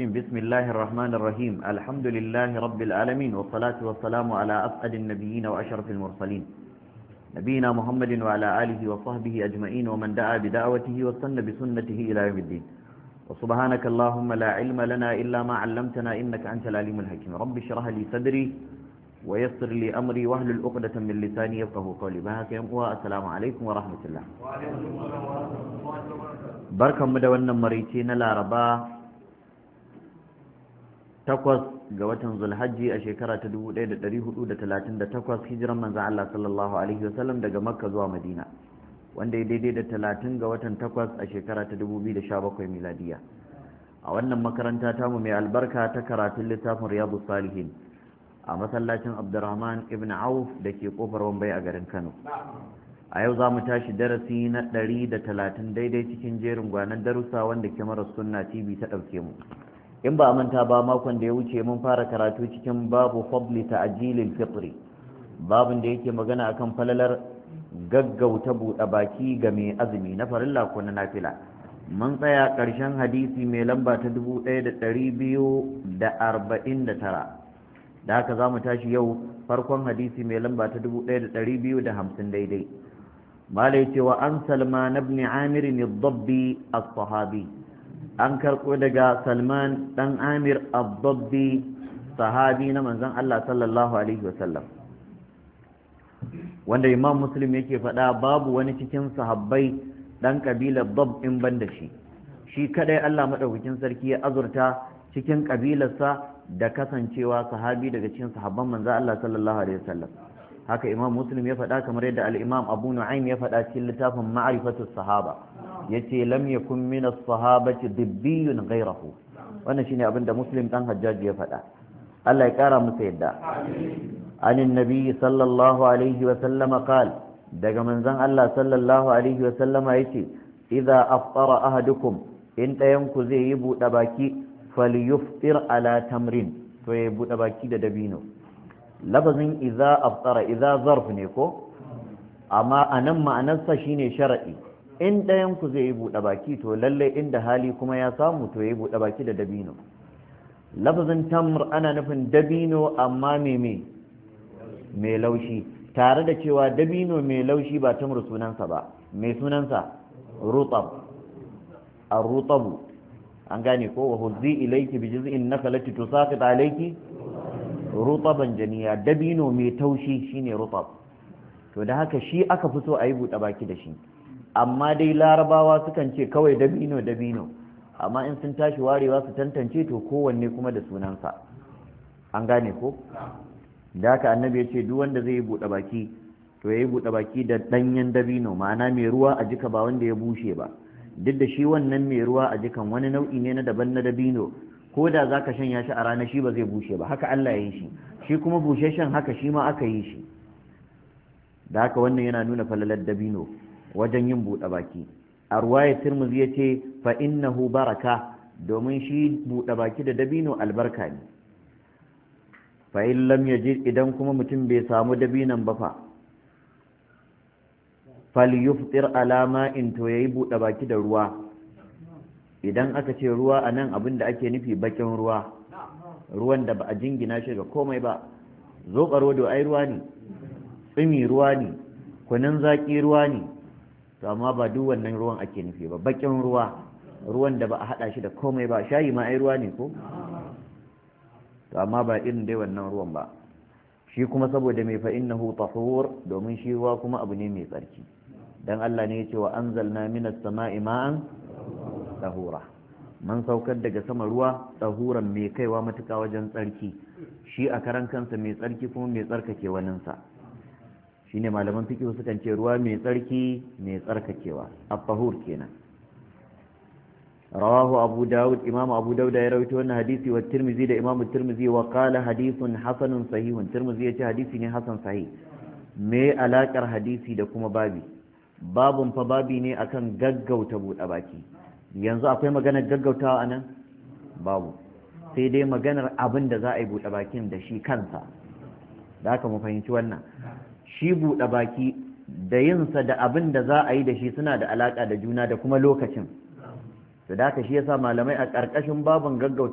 الرجيم بسم الله الرحمن الرحيم الحمد لله رب العالمين والصلاة والسلام على أفقد النبيين وأشرف المرسلين نبينا محمد وعلى آله وصحبه أجمعين ومن دعا بدعوته وصن بسنته إلى يوم الدين وسبحانك اللهم لا علم لنا إلا ما علمتنا إنك أنت العليم الحكيم رب اشرح لي صدري ويسر لي أمري وأهل الأقدة من لساني يفقه قولي بهاك يا السلام عليكم ورحمة الله وعليكم السلام ورحمة الله وبركاته بركة مدونا مريتين رباه takwas ga watan zulhajji a shekara ta 1438 hijiran manzan Allah sallallahu Alaihi wasallam daga makka zuwa madina wanda ya daidai da 30 ga watan takwas a shekara ta 2017 miladiya a wannan makaranta ta mu mai albarka ta karatun littafin riyadu salihin a masallacin abdurrahman ibn auf da ke kofar wambai a garin kano a yau za mu tashi darasi na ɗari da talatin daidai cikin jerin gwanan darussa wanda kyamarar sunna tv ta ɗauke mu in ba manta ba makon da ya wuce mun fara karatu cikin babu fadli ajilin fitri babin da yake magana akan falalar gaggauta buɗe baki ga mai azumi na farilla ko na nafila mun tsaya karshen hadisi mai lamba ta 1249 da haka za mu tashi yau farkon hadisi mai lamba ta 1250 daidai malai cewa an salman ibn amir ne dabbi as an karko daga salman dan amir abdabbi sahabi na manzan Allah sallallahu alaihi wasallam wanda imam muslim yake faɗa babu wani cikin sahabbai dan kabilar dab in ban da shi shi kadai Allah maɗaukakin sarki ya azurta cikin kabilarsa da kasancewa sahabi daga cikin sahabban manzo Allah sallallahu alaihi wasallam haka imam muslim ya faɗa kamar yadda alimam abu nu'aym ya faɗa cikin littafin ma'rifatu sahaba yace lam yakun min as-sahabati dibbiyun gairahu. wannan shine abin da muslim ɗan hajjaji ya faɗa Allah ya kara musu yadda anin nabi sallallahu alaihi wa sallama qal daga manzon Allah sallallahu alaihi wa sallama yace iza aftara ahadukum in ɗayan ku zai yi buɗe baki falyuftir ala tamrin to ya buɗe baki da dabino lafazin iza aftara iza zarf ne ko amma anan ma'anarsa shine sharaɗi. in ɗayan ku zai yi buɗe baki to lalle inda hali kuma ya samu to yi buɗe baki da dabino lafazin tamr ana nufin dabino amma meme mai laushi tare da cewa dabino mai laushi ba tamr sunansa ba mai sunansa rutab ar rutab an gane ko wa huzzi ilayki bi juz'in nakalati tusaqit alayki rutaban janiya dabino mai taushi shine rutab to da haka shi aka fito a yi buɗe baki da shi amma dai larabawa sukan ce kawai dabino dabino amma in sun tashi warewa su tantance to kowanne kuma da sunansa an gane ko da haka annabi ya ce duk wanda zai yi buɗe baki to ya yi buɗe baki da ɗanyen dabino ma'ana mai ruwa a jika ba wanda ya bushe ba duk da shi wannan mai ruwa a jikan wani nau'i ne na daban na dabino ko da za ka shanya shi a rana shi ba zai bushe ba haka Allah ya yi shi shi kuma bushe shan haka shi ma aka yi shi da haka wannan yana nuna falalar dabino wajen yin buɗe baki a ruwayar turmuzi ya ce fa baraka domin shi buɗe baki da dabino albarka ne fa in ya idan kuma mutum bai samu dabinan ba fa falyuftir alama in to ya yi buɗe baki da ruwa idan aka ce ruwa a nan abin da ake nufi bakin ruwa ruwan da ba a jingina shi ga komai ba zo ƙaro da ai ruwa ne tsimi ruwa ne kunun zaƙi ruwa ne to amma ba duk wannan ruwan ake nufi ba bakin ruwa ruwan da ba a hada shi da komai ba shayi ma ai ruwa ne ko to amma ba irin dai wannan ruwan ba shi kuma saboda mai fa innahu tahur domin shi ruwa kuma abu ne mai tsarki dan Allah ne ya ce wa anzalna minas sama'i ma'an tahura man saukar daga sama ruwa tahuran mai kaiwa matuka wajen tsarki shi a karan kansa mai tsarki kuma mai tsarkake waninsa ne malaman su kan ce ruwa mai tsarki mai tsarkakewa A Fahur kenan rawahu abu daud imamu abu dawud ya rawaito wannan hadisi wa tirmizi da imamu tirmizi wa qala hadithun hasanun sahihun tirmizi ya ce hadisi ne hasan sahih me alakar hadisi da kuma babi babun fa babi ne akan gaggauta buɗe baki yanzu akwai maganar gaggautawa a nan babu sai dai maganar abin da za a yi buɗe bakin da shi kansa da aka mu fahimci wannan shi buɗe baki da yinsa da abin da za a yi da shi suna da alaƙa da juna da kuma lokacin su da shi yasa malamai a ƙarƙashin babin gaggauta